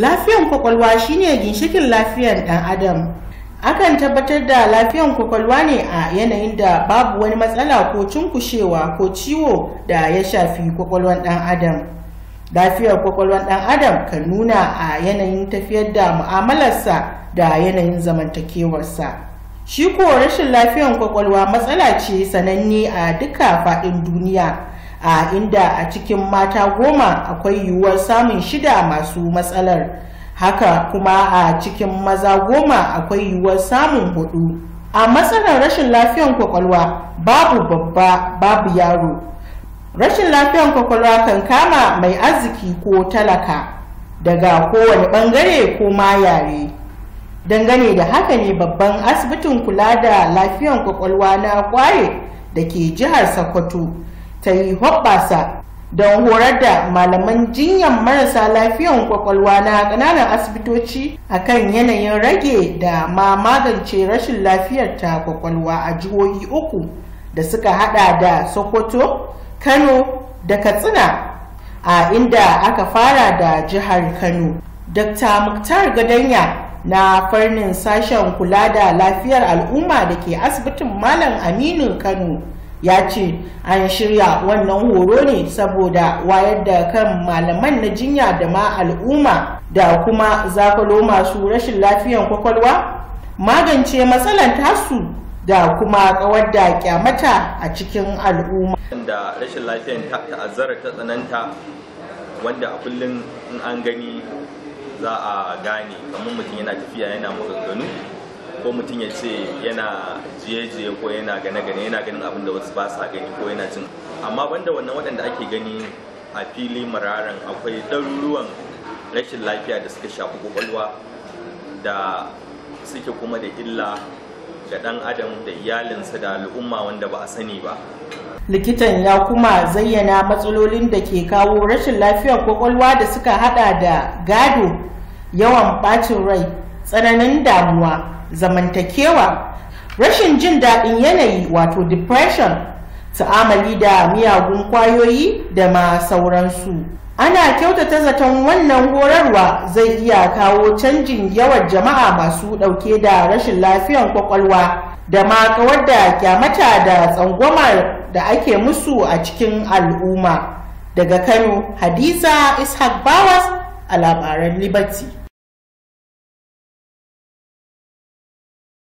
lafiyan kwakwalwa shine ginshikin lafiyan dan adam akan tabbatar da lafiyan kwakwalwa ne a yanayin da babu wani matsala ko cunkushewa ko ciwo da ya shafi kwakwalwan dan adam lafiyar kwakwalwan dan adam kan nuna a yanayin tafiyar da mu'amalarsa da yanayin zamantakewarsa shi ko rashin lafiyan kwakwalwa matsala ce sananne a duka faɗin duniya a inda a cikin mata goma akwai yiwuwar samun shida masu matsalar haka kuma a cikin maza goma akwai yiwuwar samun hudu a matsalar rashin lafiyan kwakwalwa babu babba babu yaro rashin lafiyan kwakwalwa kan kama mai arziki ko talaka daga kowane bangare ko ma yare dangane da haka ne babban asibitin kula da lafiyan kwakwalwa na kware da ke jihar sokoto ta yi hoɓɓasa don horar da malaman jinyar marasa lafiyan kwakwalwa na ƙananan asibitoci akan yanayin rage da ma magance rashin lafiyar ta kwakwalwa a jihohi uku da suka hada da sokoto kano da katsina a inda aka fara da jihar kano dr muktar gadanya na farnin sashen kula da lafiyar al'umma da ke asibitin malam aminu kano ya ce an shirya wannan horo ne saboda wayar da kan malaman na jinya da ma al'umma da kuma zakalo masu rashin lafiyan kwakwalwa magance matsalan tasu da kuma kawar da kyamata a cikin al'umma da rashin lafiyan ta'azzara ta tsananta wanda a kullum in an gani za a gane kamar mutum yana tafiya yana maganganu ko mutum ya ce yana jiye-jiye ko yana gane-gane yana ganin abin da wasu ba sa gani ko yana jin amma banda wannan waɗanda ake gani a fili mararan akwai ɗaruruwan rashin lafiya da suka shafi kwakwalwa da suke kuma da illa ga ɗan adam da iyalinsa da al'umma wanda ba a sani ba likitan ya kuma zayyana matsalolin da ke kawo rashin lafiyar kwakwalwa da suka hada da gado yawan bacin rai tsananin damuwa zamantakewa rashin jin daɗin yanayi wato depression ta'amali da miyagun kwayoyi da ma sauransu ana kyautata zaton wannan horarwa zai iya kawo canjin yawan jama'a masu ɗauke da rashin lafiyan kwakwalwa da ma kawar da kyamata da tsangwama da ake musu a cikin al'umma daga kano hadiza ishaq bawas a labaran liberty